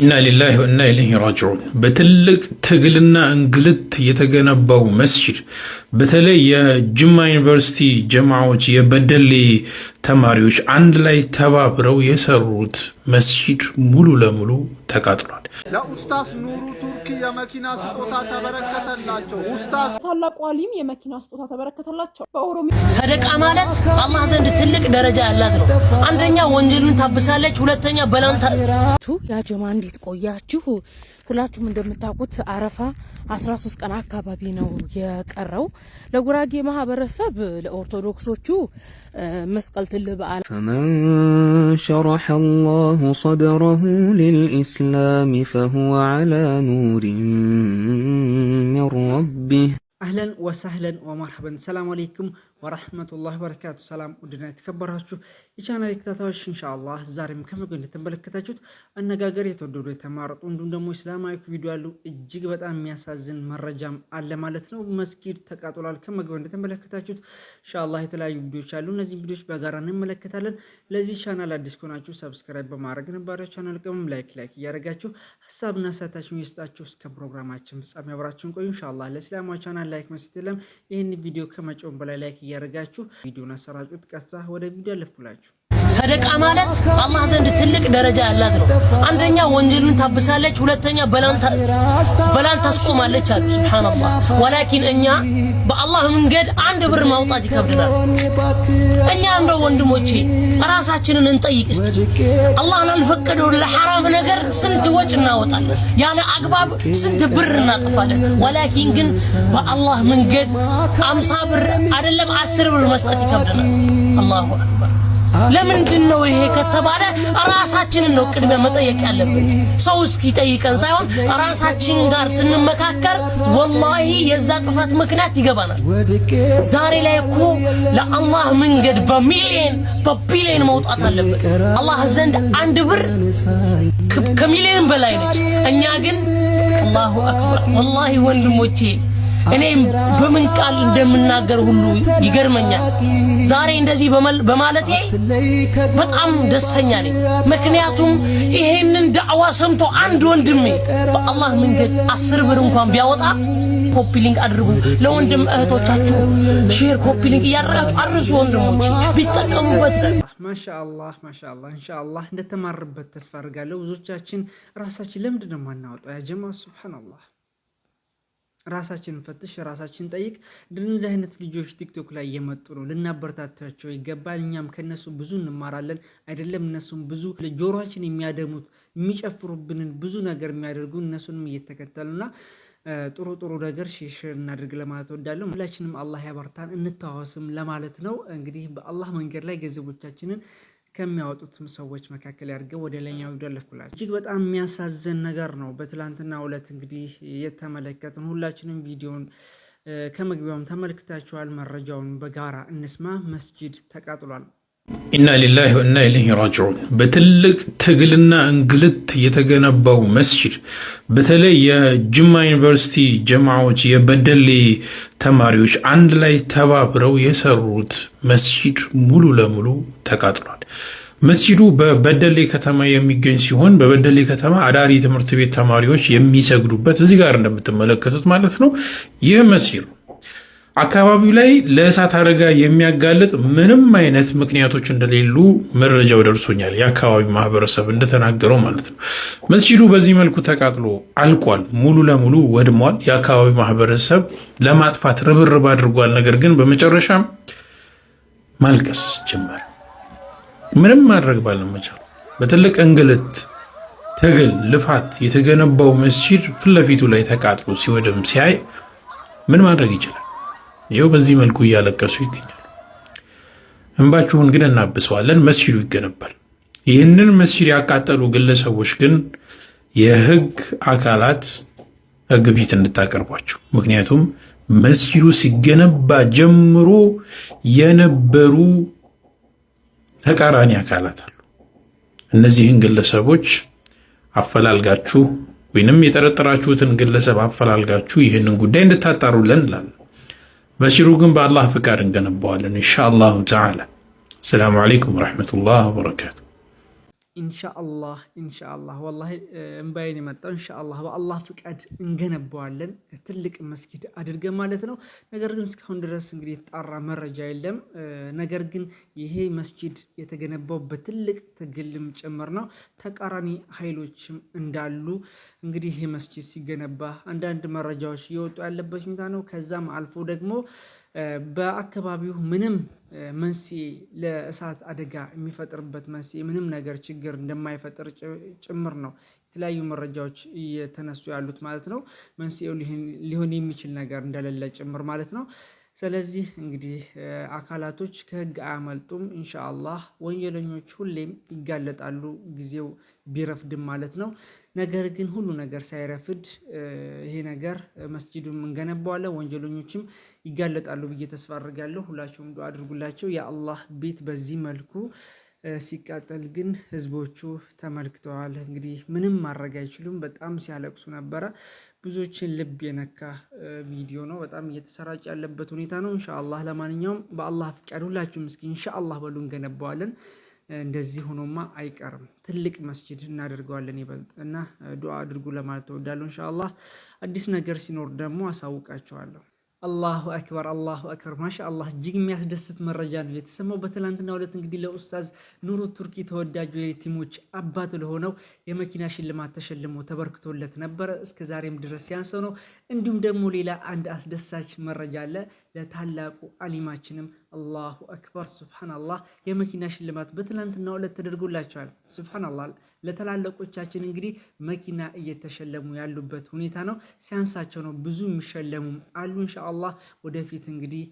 ኢና ሊላሂ ወኢና ኢለይሂ ራጅዑን። በትልቅ ትግልና እንግልት የተገነባው መስጂድ በተለይ የጅማ ዩኒቨርሲቲ ጀማዎች የበደሌ ተማሪዎች አንድ ላይ ተባብረው የሰሩት መስጂድ ሙሉ ለሙሉ ተቃጥሏል። ለኡስታዝ ኑሩ ቱርኪ የመኪና ስጦታ ተበረከተላቸው። ኡስታዝ ታላቁ አሊም የመኪና ስጦታ ተበረከተላቸው። በኦሮሚያ ሰደቃ ማለት አላህ ዘንድ ትልቅ ደረጃ ያላት ነው። አንደኛ ወንጀሉን ታብሳለች፣ ሁለተኛ በላንታ ቱ ያጀማ እንዴት ቆያችሁ? ሁላችሁም እንደምታውቁት አረፋ 13 ቀን አካባቢ ነው የቀረው። ለጉራጌ ማህበረሰብ ለኦርቶዶክሶቹ መስቀል ትል በዓል ፈመን ሸረሐ አላሁ ሰድረሁ ሊልኢስላም ፈሁወ ዐላ ኑሪን ሚን ረቢህ አህለን ወሳህለን ወመርሐበን ሰላም አለይኩም ወራህመቱላህ በረካቱ። ሰላም ውድና የተከበራችሁ የቻናል ተከታታዮች እንሻላ ዛሬም ከምግብ እንደተመለከታችሁት አነጋገር የተወደዱ የተማረጡ እንዲሁም ደግሞ ኢስላማዊ ቪዲዮ ያሉ እጅግ በጣም የሚያሳዝን መረጃም አለ ማለት ነው። መስጊድ ተቃጥሏል። ከምግብ እንደተመለከታችሁት እንሻላ የተለያዩ ቪዲዮዎች አሉ። እነዚህ ቪዲዮዎች በጋራ እንመለከታለን። ለዚህ ቻናል አዲስ ከሆናችሁ ሰብስክራይብ በማድረግ ነባሪ ቻናል ቅምም ላይክ ላይክ እያደረጋችሁ ሀሳብና ሰታችሁን የሰጣችሁ እስከ ፕሮግራማችን ፍጻሜ አብራችሁን ቆዩ። እንሻላ ለእስላማዊ ቻናል ላይክ መስትለም ይህን ቪዲዮ ከመቼውም በላይ ላይክ እያደረጋችሁ ቪዲዮን አሰራጩት። ቀጥታ ወደ ቪዲዮ አለፍኩላችሁ። ሰደቃ ማለት አላህ ዘንድ ትልቅ ደረጃ ያላት ነው። አንደኛ ወንጀልን ታብሳለች፣ ሁለተኛ በላን ታስቆማለች አሉ። ሱብሃንአላህ። ወላኪን እኛ በአላህ መንገድ አንድ ብር ማውጣት ይከብድናል። እኛ እንደ ወንድሞቼ ራሳችንን እንጠይቅ እስቲ። አላህ ላልፈቀደው ለሐራም ነገር ስንት ወጭ እናወጣለን፣ ያለ አግባብ ስንት ብር እናጠፋለን። ወላኪን ግን በአላህ መንገድ አምሳ ብር አይደለም አስር ብር መስጠት ይከብድናል። አላሁ አክበር ለምንድን ነው ይሄ ከተባለ ራሳችንን ነው ቅድመ መጠየቅ ያለብን። ሰው ጠይቀን ሳይሆን ራሳችን ጋር ስንመካከር ወላሂ የዛ ጥፋት ምክንያት ይገባናል። ዛሬ ላይ እኮ ለአላህ መንገድ በሚሊየን በቢሊየን መውጣት አለበት። አላህ ዘንድ አንድ ብር ከሚሊየን በላይ ነች። እኛ ግን አላሁ አክበር ወላሂ ወንድሞቼ እኔም በምን ቃል እንደምናገር ሁሉ ይገርመኛል። ዛሬ እንደዚህ በማለቴ በጣም ደስተኛ ነኝ። ምክንያቱም ይሄንን ዳዕዋ ሰምቶ አንድ ወንድሜ በአላህ መንገድ አስር ብር እንኳን ቢያወጣ ኮፒሊንግ አድርጉ። ለወንድም እህቶቻችሁ ሼር ኮፒሊንግ ሊንክ እያደረጋችሁ አድርሱ። ወንድሞች ቢጠቀሙበት። ማሻአላህ ማሻአላህ፣ ኢንሻአላህ እንደተማርበት ተስፋ አድርጋለሁ። ብዙዎቻችን ራሳችን ለምንድን ነው የማናወጣው? ያ ጀማ ሱብሃነላህ ራሳችንን ፈትሽ፣ ራሳችን ጠይቅ። እንደዚህ አይነት ልጆች ቲክቶክ ላይ እየመጡ ነው፣ ልናበረታታቸው ይገባል። እኛም ከነሱ ብዙ እንማራለን አይደለም? እነሱም ብዙ ጆሮችን የሚያደሙት የሚጨፍሩብንን ብዙ ነገር የሚያደርጉ እነሱንም እየተከተሉና ጥሩ ጥሩ ነገር ሽሽር እናድርግ ለማለት ወዳለሁ። ሁላችንም አላህ ያበርታን እንተዋወስም ለማለት ነው። እንግዲህ በአላህ መንገድ ላይ ገንዘቦቻችንን ከሚያወጡትም ሰዎች መካከል ያድርገው። ወደ ላይኛው ይደለፍኩላችሁ። እጅግ በጣም የሚያሳዝን ነገር ነው። በትላንትና ዕለት እንግዲህ የተመለከትን ሁላችንም ቪዲዮን ከመግቢያውም ተመልክታችኋል። መረጃውን በጋራ እንስማ። መስጂድ ተቃጥሏል። ኢና ሊላህ ወኢና ኢለይሂ ራጅዑን። በትልቅ ትግልና እንግልት የተገነባው መስጂድ በተለይ የጅማ ዩኒቨርሲቲ ጀማዎች የበደሌ ተማሪዎች አንድ ላይ ተባብረው የሰሩት መስጂድ ሙሉ ለሙሉ ተቃጥሏል። መስጂዱ በበደሌ ከተማ የሚገኝ ሲሆን በበደሌ ከተማ አዳሪ ትምህርት ቤት ተማሪዎች የሚሰግዱበት እዚህ ጋር እንደምትመለከቱት ማለት ነው ይህ መስጂድ አካባቢው ላይ ለእሳት አደጋ የሚያጋልጥ ምንም አይነት ምክንያቶች እንደሌሉ መረጃው ደርሶኛል። የአካባቢው ማህበረሰብ እንደተናገረው ማለት ነው። መስጂዱ በዚህ መልኩ ተቃጥሎ አልቋል፣ ሙሉ ለሙሉ ወድሟል። የአካባቢው ማህበረሰብ ለማጥፋት ርብርብ አድርጓል። ነገር ግን በመጨረሻም ማልቀስ ጀመር። ምንም ማድረግ ባለመቻሉ በትልቅ እንግልት ትግል፣ ልፋት የተገነባው መስጂድ ፊት ላይ ተቃጥሎ ሲወድም ሲያይ ምን ማድረግ ይችላል? ይኸው በዚህ መልኩ እያለቀሱ ይገኛሉ። እንባችሁን ግን እናብሰዋለን፣ መስጂዱ ይገነባል። ይህንን መስጂድ ያቃጠሉ ግለሰቦች ግን የህግ አካላት ህግ ፊት እንድታቀርቧቸው። ምክንያቱም መስጂዱ ሲገነባ ጀምሮ የነበሩ ተቃራኒ አካላት አሉ። እነዚህን ግለሰቦች አፈላልጋችሁ ወይንም የጠረጠራችሁትን ግለሰብ አፈላልጋችሁ ይህንን ጉዳይ እንድታጣሩልን እንላለን። መሲሩ ግን በአላህ ፍቃድ እንገነባዋለን ኢንሻ አላሁ ተዓላ። አሰላሙ ዓለይኩም ወረሕመቱላህ ወበረካቱ። ኢንሻአላህ ኢንሻአላህ ወላሂ እምባዬን የመጣው ኢንሻአላህ በአላህ ፍቃድ እንገነባዋለን ትልቅ መስጊድ አድርገን ማለት ነው። ነገር ግን እስካሁን ድረስ እንግዲህ የተጣራ መረጃ የለም። ነገር ግን ይሄ መስጂድ የተገነባው በትልቅ ትግልም ጭምር ነው። ተቃራኒ ኃይሎችም እንዳሉ እንግዲህ ይሄ መስጂድ ሲገነባ አንዳንድ መረጃዎች እየወጡ ያለበት ሁኔታ ነው። ከዛም አልፎ ደግሞ በአካባቢው ምንም መንስኤ ለእሳት አደጋ የሚፈጥርበት መንስኤ ምንም ነገር ችግር እንደማይፈጥር ጭምር ነው የተለያዩ መረጃዎች እየተነሱ ያሉት ማለት ነው። መንስኤው ሊሆን የሚችል ነገር እንደሌለ ጭምር ማለት ነው ስለዚህ እንግዲህ አካላቶች ከህግ አያመልጡም። እንሻአላህ ወንጀለኞች ሁሌም ይጋለጣሉ፣ ጊዜው ቢረፍድም ማለት ነው። ነገር ግን ሁሉ ነገር ሳይረፍድ ይሄ ነገር መስጂዱም እንገነባዋለን፣ ወንጀለኞችም ይጋለጣሉ ብዬ ተስፋ አድርጋለሁ። ሁላቸውም ዱዓ አድርጉላቸው። የአላህ ቤት በዚህ መልኩ ሲቃጠል ግን ህዝቦቹ ተመልክተዋል። እንግዲህ ምንም ማድረግ አይችሉም። በጣም ሲያለቅሱ ነበረ። ብዙዎችን ልብ የነካ ቪዲዮ ነው። በጣም እየተሰራጭ ያለበት ሁኔታ ነው። እንሻአላህ ለማንኛውም በአላህ ፍቃድ ሁላችሁም እስኪ እንሻአላህ በሉ እንገነባዋለን። እንደዚህ ሆኖማ አይቀርም። ትልቅ መስጂድ እናደርገዋለን ይበልጥ እና ዱዓ አድርጉ ለማለት ተወዳለሁ። እንሻአላህ አዲስ ነገር ሲኖር ደግሞ አሳውቃችኋለሁ። አላሁ አክበር አላሁ አክበር ማሻአላህ እጅግ የሚያስደስት መረጃ ነው የተሰማው። በትላንትና ዕለት እንግዲህ ለኡስታዝ ኑሩ ቱርኪ ተወዳጁ የቲሞች አባት ለሆነው የመኪና ሽልማት ተሸልሞ ተበርክቶለት ነበረ። እስከ ዛሬም ድረስ ሲያንሰው ነው። እንዲሁም ደግሞ ሌላ አንድ አስደሳች መረጃ አለ። ለታላቁ አሊማችንም አላሁ አክበር ሱብሃናላህ የመኪና ሽልማት በትላንትና ዕለት ተደርጎላቸዋል። ሱብሃናላህ ለተላለቆቻችን እንግዲህ መኪና እየተሸለሙ ያሉበት ሁኔታ ነው። ሲያንሳቸው ነው ብዙ የሚሸለሙም አሉ። እንሻአላህ ወደፊት እንግዲህ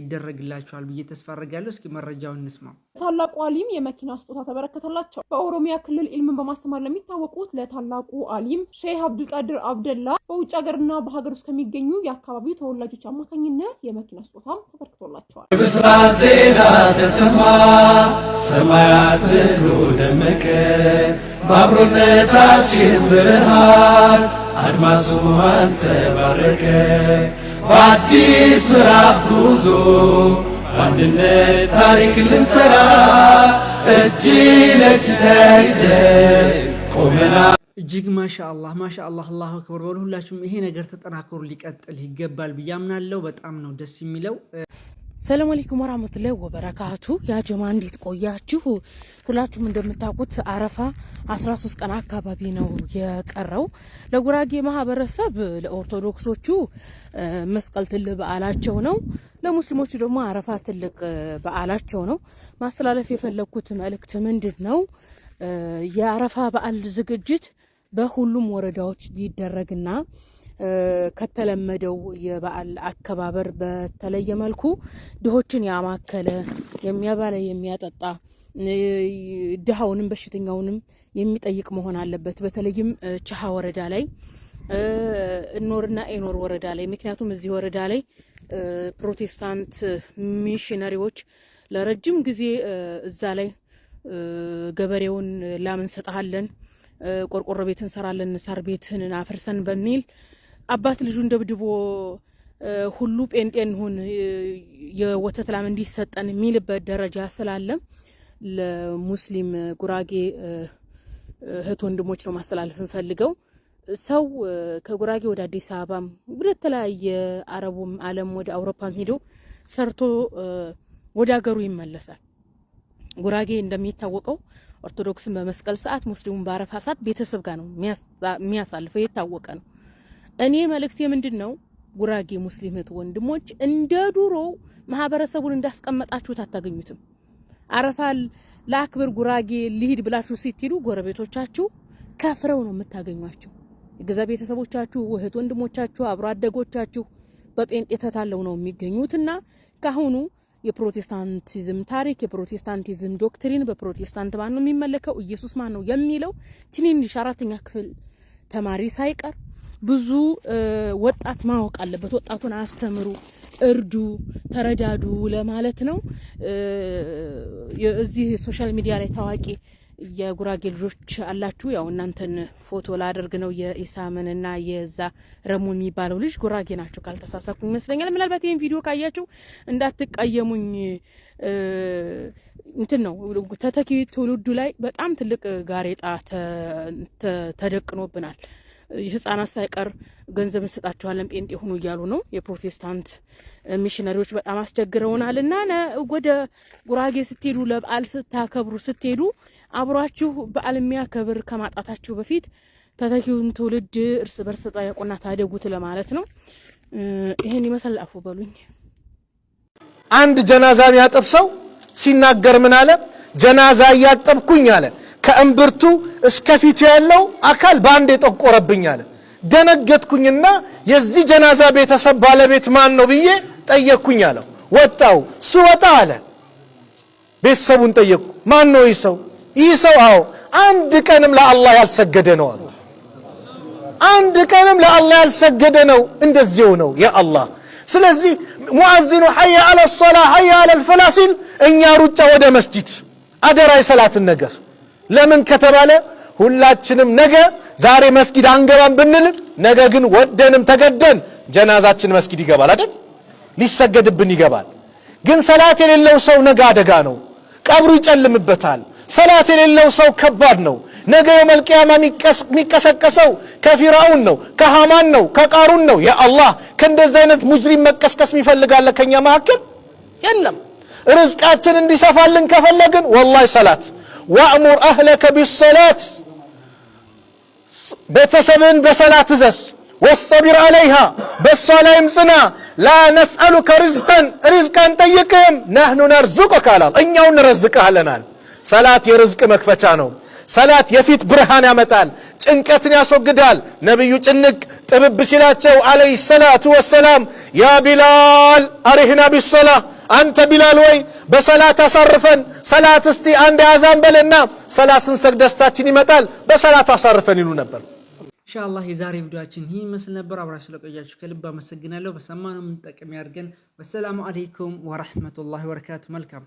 ይደረግላቸዋል ብዬ ተስፋ አድርጋለሁ። እስኪ መረጃውን እንስማው። ታላቁ አሊም የመኪና ስጦታ ተበረከተላቸው። በኦሮሚያ ክልል ኢልምን በማስተማር ለሚታወቁት ለታላቁ አሊም ሼህ አብዱልቃድር አብደላ በውጭ ሀገርና በሀገር ውስጥ ከሚገኙ የአካባቢው ተወላጆች አማካኝነት የመኪና ስጦታም ተበርክቶላቸዋል። የምስራት ዜና ተሰማ፣ ሰማያት ምድሩ ደመቀ፣ በአብሮነታችን ብርሃን አድማሱ አንጸባረቀ፣ በአዲስ ምዕራፍ ጉዞ አንድነት ታሪክ ልንሰራ እጅ ለእጅ ተይዘን እጅግ ማሻ አላህ ማሻ አላሁ አክበር በሉ። ሁላችሁም ይሄ ነገር ተጠናክሮ ሊቀጥል ይገባል ብዬ አምናለሁ። በጣም ነው ደስ የሚለው። ሰላም አለይኩም ወራህመቱላሂ ወበረካቱ። ያ ጀማ እንዴት ቆያችሁ? ሁላችሁም እንደምታውቁት አረፋ 13 ቀን አካባቢ ነው የቀረው። ለጉራጌ ማህበረሰብ ለኦርቶዶክሶቹ መስቀል ትልቅ በዓላቸው ነው። ለሙስሊሞቹ ደግሞ አረፋ ትልቅ በዓላቸው ነው። ማስተላለፍ የፈለግኩት መልእክት ምንድን ነው? የአረፋ በዓል ዝግጅት በሁሉም ወረዳዎች ቢደረግና ከተለመደው የበዓል አከባበር በተለየ መልኩ ድሆችን ያማከለ የሚያባለ የሚያጠጣ ድሃውንም በሽተኛውንም የሚጠይቅ መሆን አለበት። በተለይም ችሃ ወረዳ ላይ እኖርና ኤኖር ወረዳ ላይ ምክንያቱም እዚህ ወረዳ ላይ ፕሮቴስታንት ሚሽነሪዎች ለረጅም ጊዜ እዛ ላይ ገበሬውን ላም ሰጠሃለን፣ ቆርቆሮ ቤት እንሰራለን፣ ሳር ቤትን አፍርሰን በሚል አባት ልጁን ደብድቦ ሁሉ ጴንጤን ሁን የወተት ላም እንዲሰጠን የሚልበት ደረጃ ስላለም ለሙስሊም ጉራጌ እህት ወንድሞች ነው ማስተላለፍ እንፈልገው። ሰው ከጉራጌ ወደ አዲስ አበባም ወደ ተለያየ አረቡም ዓለም ወደ አውሮፓም ሄዶ ሰርቶ ወደ ሀገሩ ይመለሳል። ጉራጌ እንደሚታወቀው ኦርቶዶክስን በመስቀል ሰዓት፣ ሙስሊሙን በአረፋ ሰዓት ቤተሰብ ጋር ነው የሚያሳልፈው። የታወቀ ነው። እኔ መልእክቴ ምንድን ነው? ጉራጌ ሙስሊም ወንድሞች፣ እንደ ድሮ ማህበረሰቡን እንዳስቀመጣችሁት አታገኙትም። አረፋል ለአክብር ጉራጌ ሊሂድ ብላችሁ ስትሄዱ ጎረቤቶቻችሁ ከፍረው ነው የምታገኟቸው። የገዛ ቤተሰቦቻችሁ፣ እህት ወንድሞቻችሁ፣ አብሮ አደጎቻችሁ በጴንጤ ተታለው ነው የሚገኙትና ካሁኑ የፕሮቴስታንቲዝም ታሪክ የፕሮቴስታንቲዝም ዶክትሪን በፕሮቴስታንት ማን ነው የሚመለከው ኢየሱስ ማን ነው የሚለው ትንንሽ አራተኛ ክፍል ተማሪ ሳይቀር ብዙ ወጣት ማወቅ አለበት። ወጣቱን አስተምሩ፣ እርዱ፣ ተረዳዱ ለማለት ነው። እዚህ ሶሻል ሚዲያ ላይ ታዋቂ የጉራጌ ልጆች አላችሁ። ያው እናንተን ፎቶ ላደርግ ነው። የኢሳምንና የዛ ረሙ የሚባለው ልጅ ጉራጌ ናቸው ካልተሳሳኩ ይመስለኛል። ምናልባት ይህን ቪዲዮ ካያችሁ እንዳትቀየሙኝ። እንትን ነው ተተኪ ትውልዱ ላይ በጣም ትልቅ ጋሬጣ ተደቅኖብናል። ህጻናት ሳይቀር ገንዘብ እንሰጣችኋለን ጴንጤ ሆኑ እያሉ ነው። የፕሮቴስታንት ሚሽነሪዎች በጣም አስቸግረውናል። እና ወደ ጉራጌ ስትሄዱ ለበዓል ስታከብሩ ስትሄዱ አብሯችሁ በዓል የሚያከብር ከማጣታችሁ በፊት ተተኪውን ትውልድ እርስ በርስ ተጠያቁና ታደጉት ለማለት ነው። ይህን ይመስል አፉ በሉኝ። አንድ ጀናዛ የሚያጠብ ሰው ሲናገር ምን አለ? ጀናዛ እያጠብኩኝ አለ ከእምብርቱ እስከ ፊቱ ያለው አካል በአንድ የጠቆረብኝ አለ። ደነገጥኩኝና የዚህ ጀናዛ ቤተሰብ ባለቤት ማን ነው ብዬ ጠየቅኩኝ አለው። ወጣው ስወጣ አለ ቤተሰቡን ጠየቅኩ። ማን ነው ይህ ሰው? ይህ ሰው አዎ አንድ ቀንም ለአላህ ያልሰገደ ነው አሉ። አንድ ቀንም ለአላህ ያልሰገደ ነው። እንደዚሁ ነው ያ ስለዚህ ሙአዚኑ ሐየ አለ ሶላ ሐየ አለ ልፈላ ሲል እኛ ሩጫ ወደ መስጂድ አደራ የሰላትን ነገር ለምን ከተባለ ሁላችንም ነገ ዛሬ መስጊድ አንገባም ብንል ነገ ግን ወደንም ተገደን ጀናዛችን መስጊድ ይገባል አይደል? ሊሰገድብን ይገባል። ግን ሰላት የሌለው ሰው ነገ አደጋ ነው። ቀብሩ ይጨልምበታል። ሰላት የሌለው ሰው ከባድ ነው። ነገ የውመል የሚቀሰቀሰው ከፊራውን ነው፣ ከሃማን ነው፣ ከቃሩን ነው። ያአላህ ከእንደዚህ አይነት ሙጅሪም መቀስቀስ ይፈልጋለ ከኛ መካከል የለም። ርዝቃችን እንዲሰፋልን ከፈለግን ወላሂ ሰላት ወእሙር አህለከ ቢሰላት ቤተሰብን በሰላት እዘዝ። ወስተቢር አለይሃ በእሷ ላይም ጽና። ላ ነስአሉከ ሪዝቀን ሪዝቅ አንጠይቅህም። ናህኑ ነርዙቁከ አላል እኛው እንረዝቅሃለናል። ሰላት የርዝቅ መክፈቻ ነው። ሰላት የፊት ብርሃን ያመጣል፣ ጭንቀትን ያስወግዳል። ነቢዩ ጭንቅ ጥብብ ሲላቸው አለይሂ ሰላቱ ወሰላም ያ ቢላል አሪህና ቢሰላ አንተ ቢላል ወይ በሰላት አሳርፈን ሰላት እስቲ አንድ አዛን በልና ሰላት ስንሰግ ደስታችን ይመጣል፣ በሰላት አሳርፈን ይሉ ነበር። ኢንሻአላህ የዛሬ ቪዲዮአችን ይህ ይመስል ነበር። አብራችሁ ስለቆያችሁ ከልብ አመሰግናለሁ። በሰማነው የምንጠቀም ያድርገን። ወሰላሙ አለይኩም ወራህመቱላሂ ወበረካቱ። መልካም